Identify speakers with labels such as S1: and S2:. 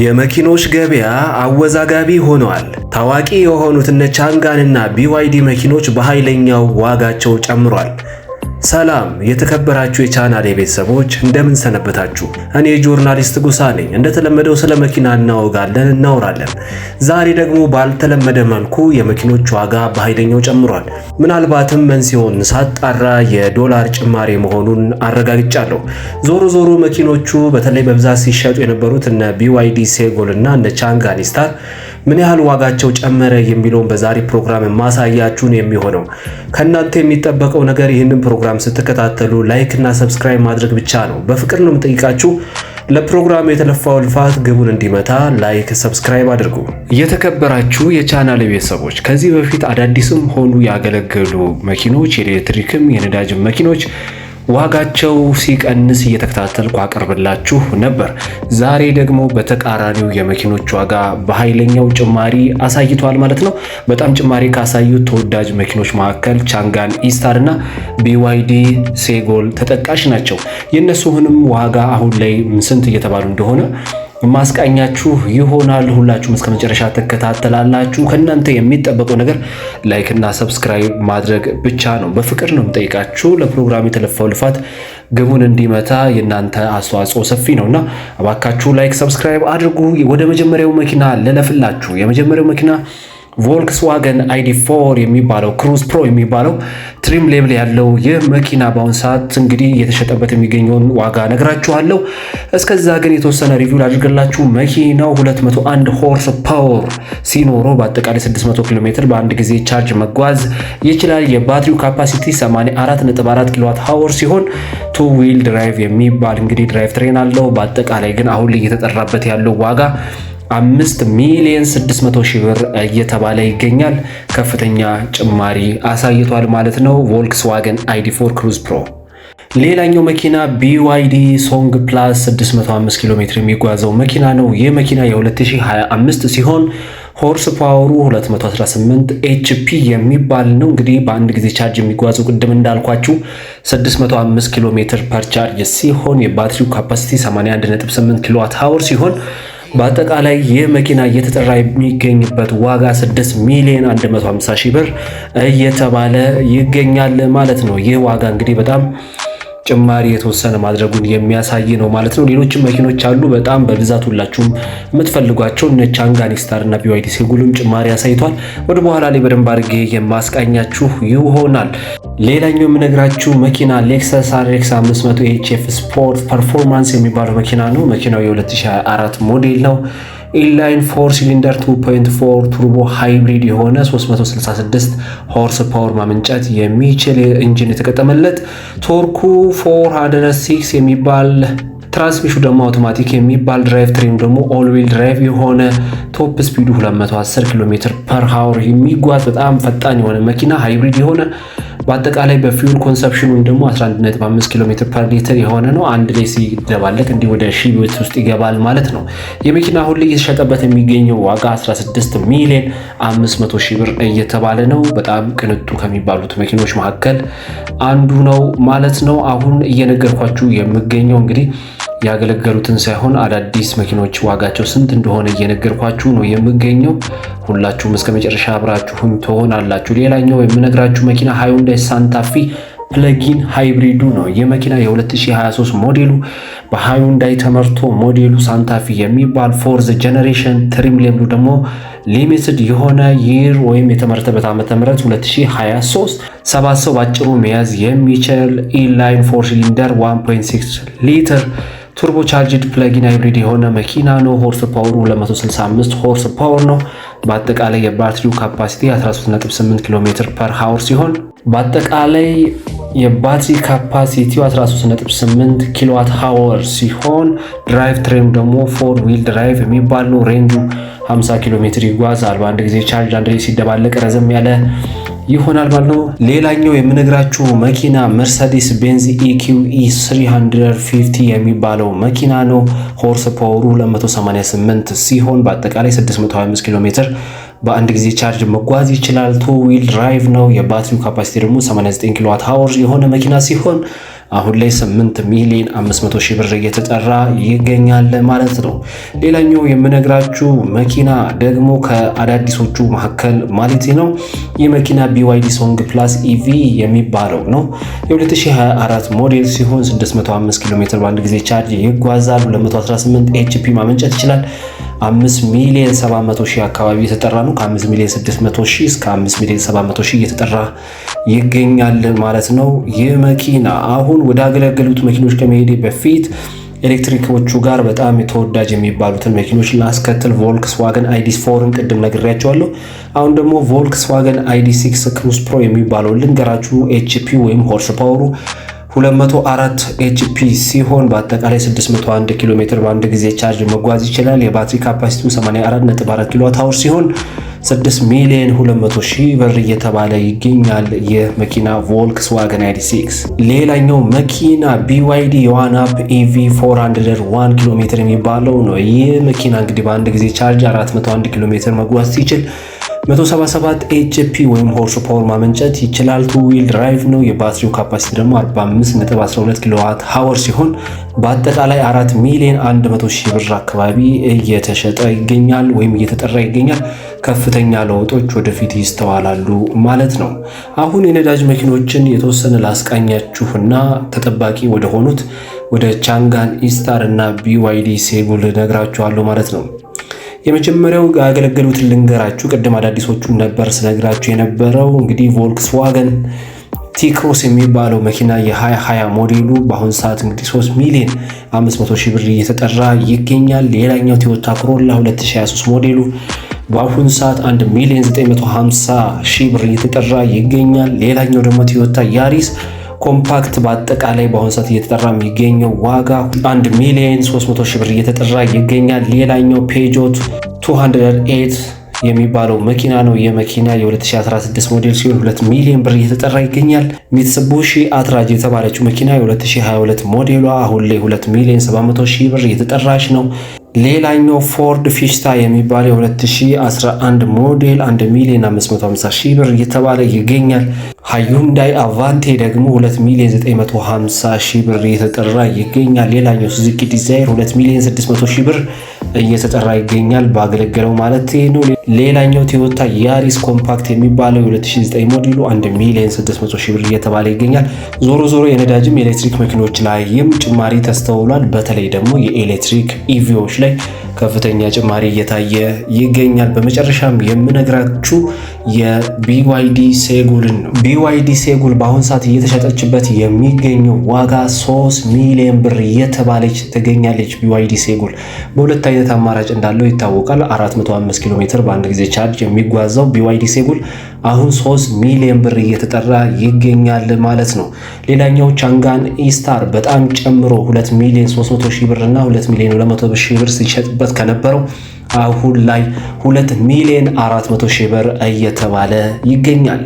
S1: የመኪኖች ገበያ አወዛጋቢ ሆኗል። ታዋቂ የሆኑት እነ ቻንጋን እና ቢዋይዲ መኪኖች በኃይለኛው ዋጋቸው ጨምሯል። ሰላም የተከበራችሁ የቻናሌ ቤተሰቦች እንደምን ሰነበታችሁ? እኔ ጆርናሊስት ጉሳ ነኝ። እንደተለመደው ስለ መኪና እናወጋለን፣ እናወራለን። ዛሬ ደግሞ ባልተለመደ መልኩ የመኪኖች ዋጋ በኃይለኛው ጨምሯል። ምናልባትም መንስኤውን ሳጣራ የዶላር ጭማሪ መሆኑን አረጋግጫለሁ። ዞሮ ዞሮ መኪኖቹ በተለይ በብዛት ሲሸጡ የነበሩት እነ ቢዋይዲ ሴጎል እና እነ ቻንጋን ስታር ምን ያህል ዋጋቸው ጨመረ የሚለውን በዛሬ ፕሮግራም ማሳያችሁን የሚሆነው ከእናንተ የሚጠበቀው ነገር ይህንን ፕሮግራም ፕሮግራም ስትከታተሉ ላይክና ሰብስክራይብ ማድረግ ብቻ ነው። በፍቅር ነው የምጠይቃችሁ። ለፕሮግራሙ የተለፋው ልፋት ግቡን እንዲመታ ላይክ፣ ሰብስክራይብ አድርጉ። የተከበራችሁ የቻናል ቤተሰቦች ከዚህ በፊት አዳዲስም ሆኑ ያገለገሉ መኪኖች፣ የኤሌክትሪክም የነዳጅም መኪኖች ዋጋቸው ሲቀንስ እየተከታተልኩ አቀርብላችሁ ነበር። ዛሬ ደግሞ በተቃራኒው የመኪኖች ዋጋ በኃይለኛው ጭማሪ አሳይቷል ማለት ነው። በጣም ጭማሪ ካሳዩት ተወዳጅ መኪኖች መካከል ቻንጋን ኢስታር እና ቢዋይዲ ሴጎል ተጠቃሽ ናቸው። የእነሱንም ዋጋ አሁን ላይ ስንት እየተባሉ እንደሆነ ማስቃኛችሁ ይሆናል። ሁላችሁም እስከ መጨረሻ ትከታተላላችሁ። ከእናንተ የሚጠበቀው ነገር ላይክና ሰብስክራይብ ማድረግ ብቻ ነው። በፍቅር ነው የምጠይቃችሁ። ለፕሮግራም የተለፋው ልፋት ግቡን እንዲመታ የእናንተ አስተዋጽኦ ሰፊ እና እባካችሁ ላይክ፣ ሰብስክራይብ አድርጉ። ወደ መጀመሪያው መኪና ልለፍላችሁ። የመጀመሪያው መኪና ቮልክስዋገን አይዲ ፎር የሚባለው ክሩዝ ፕሮ የሚባለው ትሪም ሌብል ያለው ይህ መኪና በአሁን ሰዓት እንግዲህ እየተሸጠበት የሚገኘውን ዋጋ ነግራችኋለሁ። እስከዛ ግን የተወሰነ ሪቪው ላድርግላችሁ። መኪናው 201 ሆርስ ፓወር ሲኖረው በአጠቃላይ 600 ኪሎ ሜትር በአንድ ጊዜ ቻርጅ መጓዝ ይችላል። የባትሪው ካፓሲቲ 84.4 ኪሎዋት ሃወር ሲሆን ቱ ዊል ድራይቭ የሚባል እንግዲህ ድራይቭ ትሬን አለው። በአጠቃላይ ግን አሁን ላይ እየተጠራበት ያለው ዋጋ አምስት ሚሊዮን 600 ሺህ ብር እየተባለ ይገኛል። ከፍተኛ ጭማሪ አሳይቷል ማለት ነው። ቮልክስዋገን አይዲ 4 ክሩዝ ፕሮ። ሌላኛው መኪና ቢዋይዲ ሶንግ ፕላስ 605 ኪሎ ሜትር የሚጓዘው መኪና ነው። ይህ መኪና የ2025 ሲሆን ሆርስ ፓወሩ 218 ኤችፒ የሚባል ነው። እንግዲህ በአንድ ጊዜ ቻርጅ የሚጓዙ ቅድም እንዳልኳችሁ 605 ኪሎ ሜትር ፐር ቻርጅ ሲሆን የባትሪው ካፓሲቲ 81.8 ኪሎዋት ሀወር ሲሆን በአጠቃላይ ይህ መኪና እየተጠራ የሚገኝበት ዋጋ 6 ሚሊዮን 150 ሺህ ብር እየተባለ ይገኛል ማለት ነው። ይህ ዋጋ እንግዲህ በጣም ጭማሪ የተወሰነ ማድረጉን የሚያሳይ ነው ማለት ነው። ሌሎችም መኪኖች አሉ በጣም በብዛት ሁላችሁም የምትፈልጓቸው እነ ቻንጋን ስታር እና ቢዋይዲ ሴጉልም ጭማሪ አሳይቷል። ወደ በኋላ ላይ በደንብ አድርጌ የማስቃኛችሁ ይሆናል። ሌላኛው የምነግራችሁ መኪና ሌክሰስ አርኤክስ 500 ኤችኤፍ ስፖርት ፐርፎርማንስ የሚባለው መኪና ነው። መኪናው የ2024 ሞዴል ነው። ኢንላይን ፎር ሲሊንደር 2.4 ቱርቦ ሃይብሪድ የሆነ 366 ሆርስ ፓወር ማመንጨት የሚችል ኢንጂን የተገጠመለት ቶርኩ 406 የሚባል ትራንስሚሽኑ ደግሞ አውቶማቲክ የሚባል ድራይቭ ትሬኑ ደግሞ ኦል ዊል ድራይቭ የሆነ ቶፕ ስፒዱ 210 ኪሎ ሜትር ፐር ሃወር የሚጓዝ በጣም ፈጣን የሆነ መኪና ሃይብሪድ የሆነ በአጠቃላይ በፊውል ኮንሰፕሽን ወይም ደግሞ 11.5 ኪሎ ሜትር ፐር ሊትር የሆነ ነው። አንድ ላይ ሲደባለቅ እንዲህ ወደ ሺ ቤት ውስጥ ይገባል ማለት ነው። የመኪና አሁን ላይ እየተሸጠበት የሚገኘው ዋጋ 16 ሚሊዮን 500 ሺ ብር እየተባለ ነው። በጣም ቅንጡ ከሚባሉት መኪኖች መካከል አንዱ ነው ማለት ነው። አሁን እየነገርኳችሁ የምገኘው እንግዲህ ያገለገሉትን ሳይሆን አዳዲስ መኪኖች ዋጋቸው ስንት እንደሆነ እየነገርኳችሁ ነው የምገኘው። ሁላችሁም እስከ መጨረሻ አብራችሁም ትሆናላችሁ። ሌላኛው የምነግራችሁ መኪና ሃዩንዳይ ሳንታፊ ፕለጊን ሃይብሪዱ ነው። ይህ መኪና የ2023 ሞዴሉ በሃዩንዳይ ተመርቶ ሞዴሉ ሳንታፊ የሚባል ፎርዝ ጀነሬሽን ትሪም ሌብሉ ደግሞ ሊሚትድ የሆነ ይር ወይም የተመረተበት ዓመተ ምህረት 2023 ሰባት ሰው በአጭሩ መያዝ የሚችል ኢንላይን ፎር ሲሊንደር 1.6 ሊትር ቱርቦ ቻርጅድ ፕለጊን ሃይብሪድ የሆነ መኪና ነው። ሆርስ ፓወሩ 265 ሆርስ ፓወር ነው። በአጠቃላይ የባትሪው ካፓሲቲ 138 ኪሎ ሜትር ፐር ሃወር ሲሆን በአጠቃላይ የባትሪ ካፓሲቲው 138 ኪሎዋት ሃወር ሲሆን ድራይቭ ትሬም ደግሞ ፎር ዊል ድራይቭ የሚባል ነው። ሬንጁ 50 ኪሎ ሜትር ይጓዛል። በአንድ ጊዜ ቻርጅ አንድ ላይ ሲደባለቅ ረዘም ያለ ይሆናል ማለት ነው። ሌላኛው የምነግራችሁ መኪና መርሰዲስ ቤንዝ ኢኪውኢ 350 የሚባለው መኪና ነው። ሆርስ ፓወሩ 288 ሲሆን በአጠቃላይ 625 ኪሎ ሜትር በአንድ ጊዜ ቻርጅ መጓዝ ይችላል። ቱ ዊል ድራይቭ ነው። የባትሪው ካፓሲቲ ደግሞ 89 ኪሎዋት ሀወር የሆነ መኪና ሲሆን አሁን ላይ 8 ሚሊዮን 500 ሺህ ብር እየተጠራ ይገኛል ማለት ነው። ሌላኛው የምነግራችሁ መኪና ደግሞ ከአዳዲሶቹ መካከል ማለት ነው ይህ መኪና ቢዋይዲ ሶንግ ፕላስ ኢቪ የሚባለው ነው። የ2024 ሞዴል ሲሆን 605 ኪሎ ሜትር በአንድ ጊዜ ቻርጅ ይጓዛል። 218 ኤችፒ ማመንጨት ይችላል። አምስት ሚሊዮን 700 ሺህ አካባቢ የተጠራ ነው። ከ5 ሚሊዮን 600 ሺህ እስከ 5 ሚሊዮን 700 ሺህ እየተጠራ ይገኛል ማለት ነው። ይህ መኪና አሁን ወደ አገለገሉት መኪኖች ከመሄድ በፊት ኤሌክትሪኮቹ ጋር በጣም ተወዳጅ የሚባሉትን መኪኖች ላስከትል። ቮልክስዋገን አይዲስ ፎርን ቅድም ነግሬያቸዋለሁ። አሁን ደግሞ ቮልክስዋገን አይዲ ሲክስ ክሩስ ፕሮ የሚባለው ልንገራችሁ ኤችፒ ወይም ሆርስ ፓወሩ 204 ኤችፒ ሲሆን በአጠቃላይ 601 ኪሎ ሜትር በአንድ ጊዜ ቻርጅ መጓዝ ይችላል። የባትሪ ካፓሲቲው 84.4 ኪሎዋት አወር ሲሆን 6 ሚሊዮን 200 ሺህ ብር እየተባለ ይገኛል። ይህ መኪና ቮልክስዋገን ID6። ሌላኛው መኪና BYD የዋንአፕ ኢቪ 401 ኪሎ ሜትር የሚባለው ነው። ይህ መኪና እንግዲህ በአንድ ጊዜ ቻርጅ 401 ኪሎ ሜትር መጓዝ ሲችል 177 ኤችፒ ወይም ሆርስ ፓወር ማመንጨት ይችላል። ቱ ዊል ድራይቭ ነው። የባትሪው ካፓሲቲ ደግሞ 45.12 ኪሎዋት ሀወር ሲሆን በአጠቃላይ 4 ሚሊዮን 100 ሺህ ብር አካባቢ እየተሸጠ ይገኛል ወይም እየተጠራ ይገኛል። ከፍተኛ ለውጦች ወደፊት ይስተዋላሉ ማለት ነው። አሁን የነዳጅ መኪኖችን የተወሰነ ላስቃኛችሁና ተጠባቂ ወደሆኑት ወደ ቻንጋን ኢስታር እና ቢዋይዲ ሴጉል ነግራችኋለሁ ማለት ነው። የመጀመሪያው ያገለገሉት ልንገራችሁ። ቅድም አዳዲሶቹ ነበር ስነግራችሁ የነበረው እንግዲህ ቮልክስዋገን ቲክሮስ የሚባለው መኪና የ2020 ሞዴሉ በአሁኑ ሰዓት እንግዲህ 3 ሚሊዮን 500 ሺህ ብር እየተጠራ ይገኛል። ሌላኛው ቶዮታ ኮሮላ 2023 ሞዴሉ በአሁኑ ሰዓት 1 ሚሊዮን 950 ሺህ ብር እየተጠራ ይገኛል። ሌላኛው ደግሞ ቶዮታ ያሪስ ኮምፓክት በአጠቃላይ በአሁኑ ሰዓት እየተጠራ የሚገኘው ዋጋ 1 ሚሊዮን 300 ሺህ ብር እየተጠራ ይገኛል። ሌላኛው ፔጆት 208 የሚባለው መኪና ነው። የመኪና የ2016 ሞዴል ሲሆን 2 ሚሊዮን ብር እየተጠራ ይገኛል። ሚትስቡሺ አትራጅ የተባለችው መኪና የ2022 ሞዴሏ አሁን ላይ 2 ሚሊዮን 700 ሺህ ብር እየተጠራች ነው። ሌላኛው ፎርድ ፊሽታ የሚባለው የ2011 ሞዴል 1 ሚሊዮን 550 ሺህ ብር እየተባለ ይገኛል። ሃዩንዳይ አቫንቴ ደግሞ 2 ሚሊዮን 950 ሺህ ብር እየተጠራ ይገኛል። ሌላኛው ሱዙኪ ዲዛይር 2 ሚሊዮን 600 ሺህ ብር እየተጠራ ይገኛል። ባገለገለው ማለት ነው። ሌላኛው ቶዮታ ያሪስ ኮምፓክት የሚባለው 2009 ሞዴሉ 1 ሚሊዮን 600 ሺህ ብር እየተባለ ይገኛል። ዞሮ ዞሮ የነዳጅም የኤሌክትሪክ መኪኖች ላይም ጭማሪ ተስተውሏል። በተለይ ደግሞ የኤሌክትሪክ ኢቪዎች ላይ ከፍተኛ ጭማሪ እየታየ ይገኛል። በመጨረሻም የምነግራችሁ የቢዋይዲ ሴጉልን ነው። ቢዋይዲ ሴጉል በአሁን ሰዓት እየተሸጠችበት የሚገኘው ዋጋ 3 ሚሊዮን ብር እየተባለች ትገኛለች። ቢዋይዲ ሴጉል በሁለት አይነት አማራጭ እንዳለው ይታወቃል። 405 ኪሎ ሜትር በአንድ ጊዜ ቻርጅ የሚጓዘው ቢዋይዲ ሴጉል አሁን ሶስት ሚሊዮን ብር እየተጠራ ይገኛል ማለት ነው። ሌላኛው ቻንጋን ኢስታር በጣም ጨምሮ 2 ሚሊዮን 300 ሺህ ብር እና 2 ሚሊዮን 200 ሺህ ብር ሲሸጥበት ከነበረው አሁን ላይ 2 ሚሊዮን 400 ሺህ ብር እየተባለ ይገኛል።